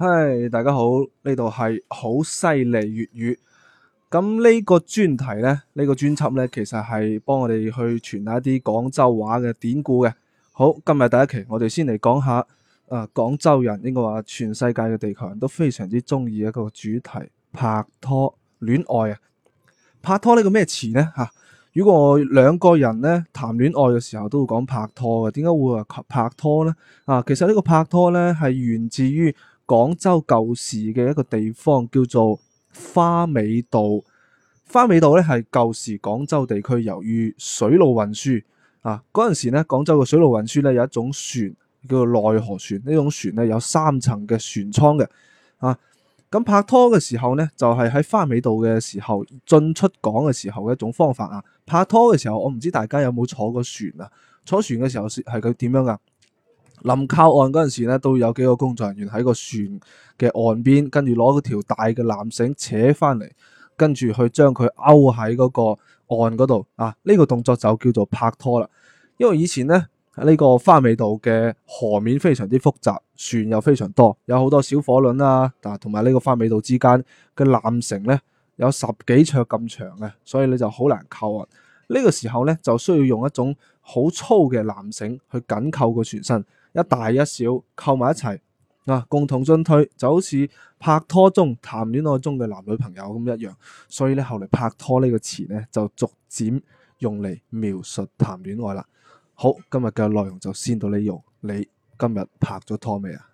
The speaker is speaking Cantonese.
嗨，大家好，呢度係好犀利粵語。咁呢個專題呢，呢、呢個專輯呢，其實係幫我哋去傳達一啲廣州話嘅典故嘅。好，今日第一期，我哋先嚟講下啊，廣、呃、州人應該話全世界嘅地球人都非常之中意一個主題，拍拖戀愛啊。拍拖呢個咩詞呢？吓、啊，如果我兩個人呢，談戀愛嘅時候都會講拍拖嘅，點解會話拍拖呢？啊，其實呢個拍拖呢，係源自於。廣州舊時嘅一個地方叫做花尾道，花尾道咧係舊時廣州地區由於水路運輸啊，嗰陣時咧廣州嘅水路運輸咧有一種船叫做內河船，呢種船咧有三層嘅船艙嘅啊。咁拍拖嘅時候咧，就係喺花尾道嘅時候進出港嘅時候嘅一種方法啊。拍拖嘅時候，我唔知大家有冇坐過船啊？坐船嘅時候係佢點樣噶？臨靠岸嗰陣時咧，都有幾個工作人員喺個船嘅岸邊，跟住攞條大嘅纜繩扯翻嚟，跟住去將佢勾喺嗰個岸嗰度啊！呢個動作就叫做拍拖啦。因為以前咧呢個花尾道嘅河面非常之複雜，船又非常多，有好多小火輪啊，嗱，同埋呢個花尾道之間嘅纜繩咧有十幾尺咁長啊，所以你就好難靠岸。呢個時候咧就需要用一種好粗嘅纜繩去緊扣個船身。一大一小，扣埋一齊啊，共同進退，就好似拍拖中談戀愛中嘅男女朋友咁一樣。所以咧，後嚟拍拖呢個詞咧，就逐漸用嚟描述談戀愛啦。好，今日嘅內容就先到呢度，你今日拍咗拖未啊？